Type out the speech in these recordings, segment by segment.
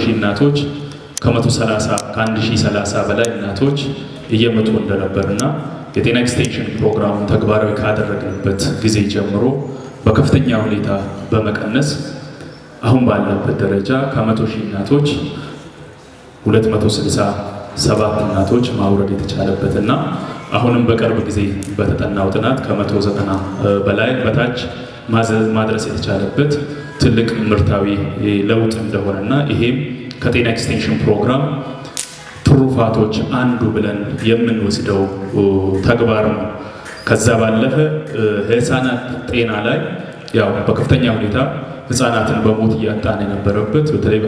ሺህ እናቶች ከመቶ ሰላሳ ከአንድ ሺህ ሰላሳ በላይ እናቶች እየመጡ እንደነበርና የጤና ኤክስቴንሽን ፕሮግራሙን ተግባራዊ ካደረግንበት ጊዜ ጀምሮ በከፍተኛ ሁኔታ በመቀነስ አሁን ባለበት ደረጃ ከመቶ ሺህ እናቶች 267 እናቶች ማውረድ የተቻለበት እና አሁንም በቅርብ ጊዜ በተጠናው ጥናት ከመቶ ዘጠና በላይ በታች ማድረስ የተቻለበት ትልቅ ምርታዊ ለውጥ እንደሆነና ይሄም ከጤና ኤክስቴንሽን ፕሮግራም ትሩፋቶች አንዱ ብለን የምንወስደው ተግባር ነው። ከዛ ባለፈ ህፃናት ጤና ላይ ያው በከፍተኛ ሁኔታ ህፃናትን በሞት እያጣን የነበረበት በተለይ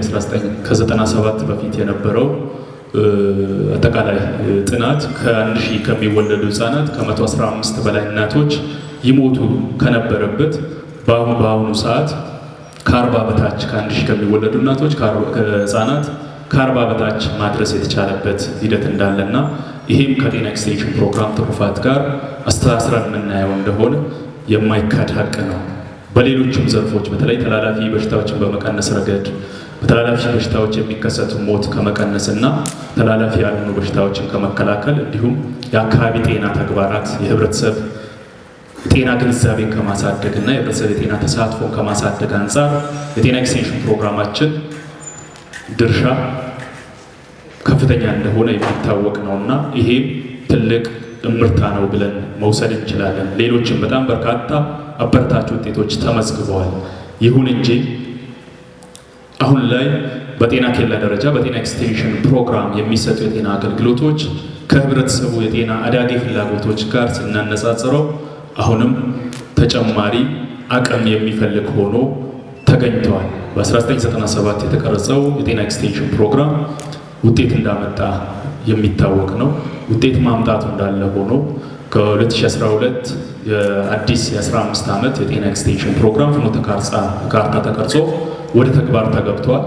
ከ97 በፊት የነበረው አጠቃላይ ጥናት ከአንድ ሺህ ከሚወለዱ ህፃናት ከ115 በላይ እናቶች ይሞቱ ከነበረበት በአሁኑ ሰዓት ከአርባ በታች ከአንድ ሺህ ከሚወለዱ እናቶች ህጻናት ከአርባ በታች ማድረስ የተቻለበት ሂደት እንዳለና ይሄም ከጤና ኤክስቴንሽን ፕሮግራም ትሩፋት ጋር አስተሳስረን የምናየው እንደሆነ የማይካድ ሀቅ ነው። በሌሎችም ዘርፎች በተለይ ተላላፊ በሽታዎችን በመቀነስ ረገድ በተላላፊ በሽታዎች የሚከሰቱ ሞት ከመቀነስ እና ተላላፊ ያልሆኑ በሽታዎችን ከመከላከል እንዲሁም የአካባቢ ጤና ተግባራት የህብረተሰብ ጤና ግንዛቤን ከማሳደግና የህብረተሰብ የጤና ተሳትፎን ከማሳደግ አንጻር የጤና ኤክስቴንሽን ፕሮግራማችን ድርሻ ከፍተኛ እንደሆነ የሚታወቅ ነው እና ይሄም ትልቅ እምርታ ነው ብለን መውሰድ እንችላለን። ሌሎችም በጣም በርካታ አበረታች ውጤቶች ተመዝግበዋል። ይሁን እንጂ አሁን ላይ በጤና ኬላ ደረጃ በጤና ኤክስቴንሽን ፕሮግራም የሚሰጡ የጤና አገልግሎቶች ከህብረተሰቡ የጤና አዳጊ ፍላጎቶች ጋር ስናነጻጽረው አሁንም ተጨማሪ አቅም የሚፈልግ ሆኖ ተገኝተዋል። በ1997 የተቀረጸው የጤና ኤክስቴንሽን ፕሮግራም ውጤት እንዳመጣ የሚታወቅ ነው። ውጤት ማምጣቱ እንዳለ ሆኖ ከ2012 የአዲስ የ15 ዓመት የጤና ኤክስቴንሽን ፕሮግራም ፍኖተ ካርታ ተቀርጾ ወደ ተግባር ተገብቷል።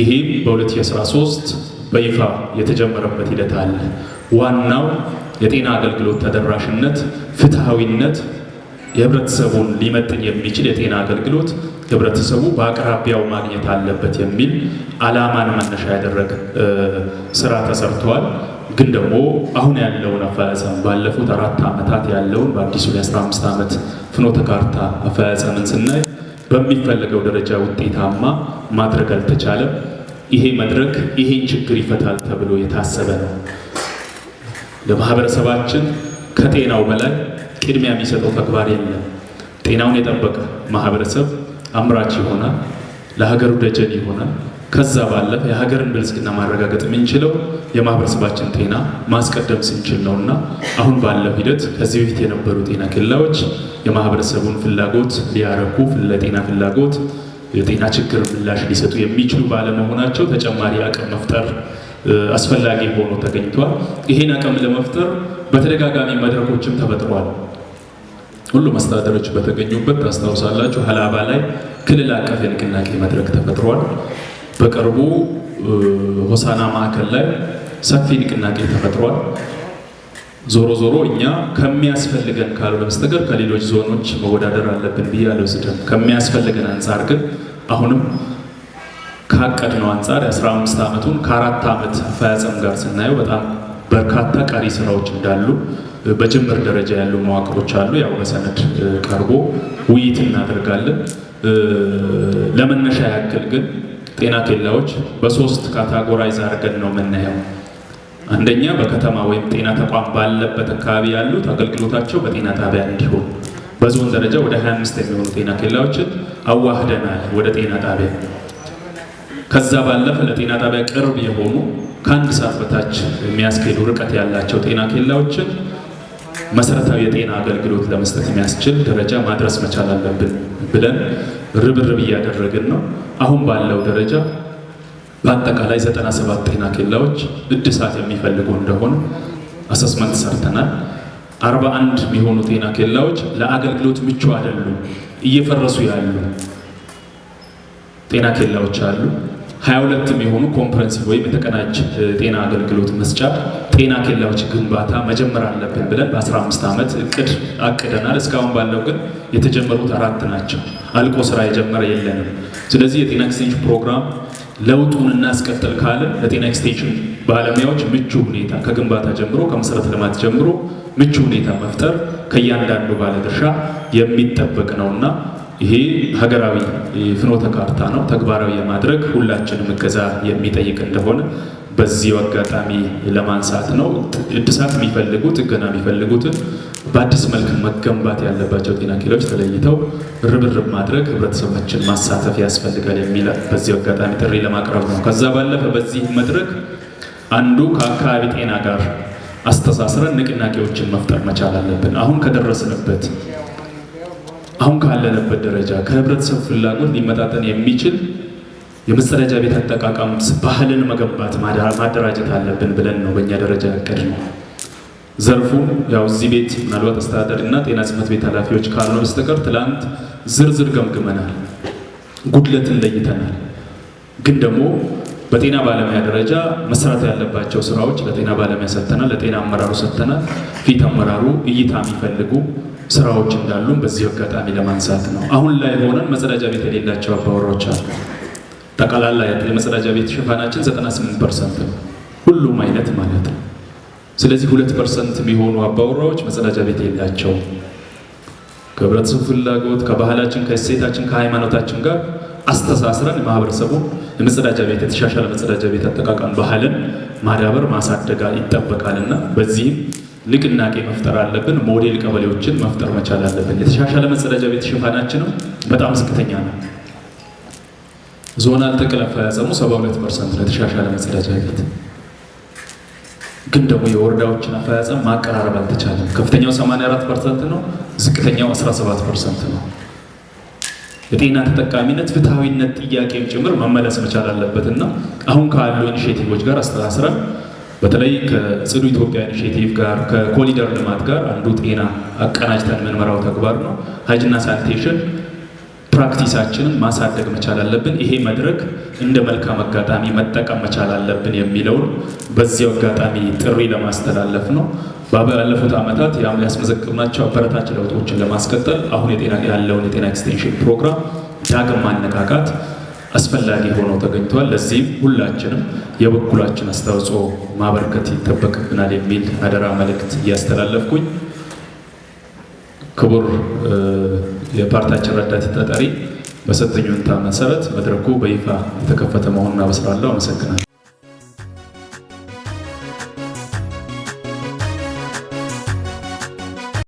ይሄም በ2013 በይፋ የተጀመረበት ሂደት አለ። ዋናው የጤና አገልግሎት ተደራሽነት፣ ፍትሐዊነት፣ የህብረተሰቡን ሊመጥን የሚችል የጤና አገልግሎት ህብረተሰቡ በአቅራቢያው ማግኘት አለበት የሚል ዓላማን መነሻ ያደረገ ስራ ተሰርተዋል። ግን ደግሞ አሁን ያለውን አፈጻጸም ባለፉት አራት ዓመታት ያለውን በአዲሱ የ15 ዓመት ፍኖተ ካርታ አፈጻጸምን ስናይ በሚፈለገው ደረጃ ውጤታማ ማድረግ አልተቻለም። ይሄ መድረክ ይሄን ችግር ይፈታል ተብሎ የታሰበ ነው። ለማህበረሰባችን ከጤናው በላይ ቅድሚያ የሚሰጠው ተግባር የለም። ጤናውን የጠበቀ ማህበረሰብ አምራች ይሆናል፣ ለሀገሩ ደጀን ይሆናል። ከዛ ባለፈ የሀገርን ብልጽግና ማረጋገጥ የምንችለው የማህበረሰባችን ጤና ማስቀደም ስንችል ነው እና አሁን ባለው ሂደት ከዚህ በፊት የነበሩ ጤና ኬላዎች የማህበረሰቡን ፍላጎት ሊያረኩ ለጤና ፍላጎት የጤና ችግር ምላሽ ሊሰጡ የሚችሉ ባለመሆናቸው ተጨማሪ አቅም መፍጠር አስፈላጊ ሆኖ ተገኝቷል። ይሄን አቅም ለመፍጠር በተደጋጋሚ መድረኮችም ተፈጥሯል። ሁሉም አስተዳደሮች በተገኙበት ታስታውሳላችሁ፣ ሀላባ ላይ ክልል አቀፍ የንቅናቄ መድረክ ተፈጥሯል። በቅርቡ ሆሳና ማዕከል ላይ ሰፊ ንቅናቄ ተፈጥሯል። ዞሮ ዞሮ እኛ ከሚያስፈልገን ካልሆነ በስተቀር ከሌሎች ዞኖች መወዳደር አለብን ብዬ አልወስድም። ከሚያስፈልገን አንጻር ግን አሁንም ካቀድነው አንጻር የ15 ዓመቱን ከአራት ዓመት አፈጻጸም ጋር ስናየው በጣም በርካታ ቀሪ ስራዎች እንዳሉ በጅምር ደረጃ ያሉ መዋቅሮች አሉ። ያው በሰነድ ቀርቦ ውይይት እናደርጋለን። ለመነሻ ያክል ግን ጤና ኬላዎች በሶስት ካታጎራይዝ አድርገን ነው የምናየው። አንደኛ በከተማ ወይም ጤና ተቋም ባለበት አካባቢ ያሉት አገልግሎታቸው በጤና ጣቢያ እንዲሆን በዞን ደረጃ ወደ 25 የሚሆኑ ጤና ኬላዎችን አዋህደናል ወደ ጤና ጣቢያ ከዛ ባለፈ ለጤና ጣቢያ ቅርብ የሆኑ ከአንድ ሰዓት በታች የሚያስኬዱ ርቀት ያላቸው ጤና ኬላዎችን መሰረታዊ የጤና አገልግሎት ለመስጠት የሚያስችል ደረጃ ማድረስ መቻል አለብን ብለን ርብርብ እያደረግን ነው። አሁን ባለው ደረጃ በአጠቃላይ 97 ጤና ኬላዎች እድሳት የሚፈልጉ እንደሆነ አሰስመንት ሰርተናል። 41 የሚሆኑ ጤና ኬላዎች ለአገልግሎት ምቹ አይደሉም፣ እየፈረሱ ያሉ ጤና ኬላዎች አሉ። 22 የሚሆኑ ኮንፈረንስ ወይም የተቀናጅ ጤና አገልግሎት መስጫ ጤና ኬላዎች ግንባታ መጀመር አለብን ብለን በ15 ዓመት እቅድ አቅደናል። እስካሁን ባለው ግን የተጀመሩት አራት ናቸው። አልቆ ስራ የጀመረ የለንም። ስለዚህ የጤና ኤክስቴንሽን ፕሮግራም ለውጡን እናስቀጥል ካለ ለጤና ኤክስቴንሽን ባለሙያዎች ምቹ ሁኔታ ከግንባታ ጀምሮ ከመሰረተ ልማት ጀምሮ ምቹ ሁኔታ መፍጠር ከእያንዳንዱ ባለድርሻ የሚጠበቅ ነውና ይሄ ሀገራዊ ፍኖተ ካርታ ነው። ተግባራዊ የማድረግ ሁላችንም እገዛ የሚጠይቅ እንደሆነ በዚህ አጋጣሚ ለማንሳት ነው። እድሳት የሚፈልጉት ገና የሚፈልጉትን በአዲስ መልክ መገንባት ያለባቸው ጤና ተለይተው ርብርብ ማድረግ ህብረተሰባችን ማሳተፍ ያስፈልጋል የሚል በዚህ አጋጣሚ ጥሪ ለማቅረብ ነው። ከዛ ባለፈ በዚህ መድረክ አንዱ ከአካባቢ ጤና ጋር አስተሳስረን ንቅናቄዎችን መፍጠር መቻል አለብን። አሁን ከደረስንበት አሁን ካለንበት ደረጃ ከህብረተሰብ ፍላጎት ሊመጣጠን የሚችል የመጸዳጃ ቤት አጠቃቀም ባህልን መገንባት ማደራጀት አለብን ብለን ነው በእኛ ደረጃ ያቀድ ነው። ዘርፉ ያው እዚህ ቤት ምናልባት አስተዳደር እና ጤና ጽሕፈት ቤት ኃላፊዎች ካልሆነ በስተቀር ትላንት ዝርዝር ገምግመናል፣ ጉድለትን ለይተናል። ግን ደግሞ በጤና ባለሙያ ደረጃ መሰራት ያለባቸው ስራዎች ለጤና ባለሙያ ሰጥተናል፣ ለጤና አመራሩ ሰጥተናል። ፊት አመራሩ እይታ የሚፈልጉ ስራዎች እንዳሉም በዚህ አጋጣሚ ለማንሳት ነው። አሁን ላይ ሆነን መጸዳጃ ቤት የሌላቸው አባወራዎች አሉ። ጠቅላላ የመጸዳጃ ቤት ሽፋናችን 98 ፐርሰንት ነው፣ ሁሉም አይነት ማለት ነው። ስለዚህ ሁለት ፐርሰንት የሚሆኑ አባወራዎች መጸዳጃ ቤት የላቸው። ከህብረተሰቡ ፍላጎት ከባህላችን፣ ከእሴታችን፣ ከሃይማኖታችን ጋር አስተሳስረን ማህበረሰቡ የመጸዳጃ ቤት የተሻሻለ መጸዳጃ ቤት አጠቃቀም ባህልን ማዳበር ማሳደጋ ይጠበቃልና በዚህም ንቅናቄ መፍጠር አለብን። ሞዴል ቀበሌዎችን መፍጠር መቻል አለብን። የተሻሻለ መጸዳጃ ቤት ሽፋናችንም በጣም ዝቅተኛ ነው። ዞናል ጥቅል አፈጻጸሙ ሰባ ፐርሰንት ነው የተሻሻለ መጸዳጃ ቤት ግን ደግሞ የወረዳዎችን አፈጻጸም ማቀራረብ አልተቻለም። ከፍተኛው 84 ፐርሰንት ነው፣ ዝቅተኛው 17 ፐርሰንት ነው። የጤና ተጠቃሚነት ፍትሐዊነት ጥያቄም ጭምር መመለስ መቻል አለበትና አሁን ካሉ ኢኒሽቲቮች ጋር አስተሳስረን በተለይ ከጽዱ ኢትዮጵያ ኢኒሽቲቭ ጋር ከኮሊደር ልማት ጋር አንዱ ጤና አቀናጅተን የምንመራው ተግባር ነው። ሀጅና ሳኒቴሽን ፕራክቲሳችንን ማሳደግ መቻል አለብን። ይሄ መድረክ እንደ መልካም አጋጣሚ መጠቀም መቻል አለብን የሚለውን በዚያው አጋጣሚ ጥሪ ለማስተላለፍ ነው። ባለፉት ዓመታት ያም ያስመዘገብናቸው አበረታች ለውጦችን ለማስቀጠል አሁን ያለውን የጤና ኤክስቴንሽን ፕሮግራም ዳግም ማነቃቃት አስፈላጊ ሆኖ ተገኝቷል። ለዚህም ሁላችንም የበኩላችን አስተዋጽኦ ማበርከት ይጠበቅብናል የሚል አደራ መልእክት እያስተላለፍኩኝ ክቡር የፓርቲያችን ረዳት ተጠሪ በሰጠኝ ሁኔታ መሰረት መድረኩ በይፋ የተከፈተ መሆኑን አበስራለሁ። አመሰግናለሁ።